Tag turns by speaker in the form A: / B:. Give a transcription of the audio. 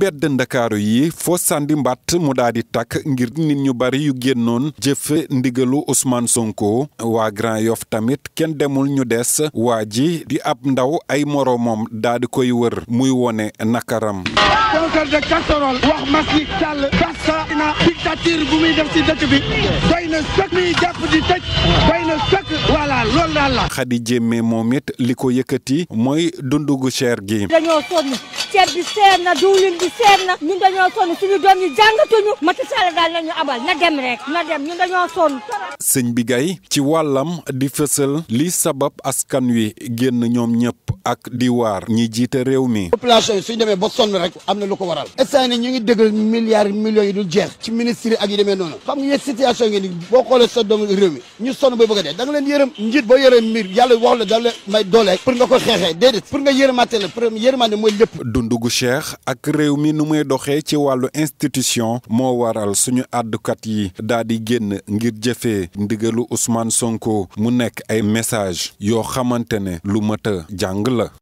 A: bedd ndakaaru yi foo sàndi mbàtt mu daal takk ngir nit ñu bari yu génnoon jëfe ndigalu Ousmane Sonko waa Grand Yoff tamit kenn demul ñu des waa ji di ab ndaw ay moroomam daal koy wër muy wone nakaram
B: concert de casserole wax Macky Sall bas na dictature bu muy def ci dëkk bi doy na muy jàpp di tëj doy na
A: sëkk voilà la Khady Diémé moom li ko yëkkati mooy dundu cher gi
C: ceeb bi seer na diwlin bi seer na ñun dañoo sonn suñu doom yi jàngatuñu Macky daal nañu abal na dem rek na dem ñun dañoo sonn.
A: sëñ bi gay ci wàllam di fësal li sabab askan wi génn ñoom ñëpp. ak di waar ñi jiite réew mi. population yi suñu demee ba sonn rek am na lu ko waral.
D: instant yii ñu ngi déglu milliards millions yi dul jeex. ci ministre yi ak yi demee noonu. xam nga yéen situation yi nii boo xoolee sa doomu réew mi ñu sonn bay bëgg a dee da nga leen yërëm njiit boo yëree mbir yàlla wax la may
A: doole. pour nga ko xeexee déedéet pour nga yërëmaatee la pour yërëmaatee mooy lépp. dundu gu ak réew mi nu muy doxee ci wàllu institution moo waral mu nekk ay yoo xamante ne lu mat a jàng la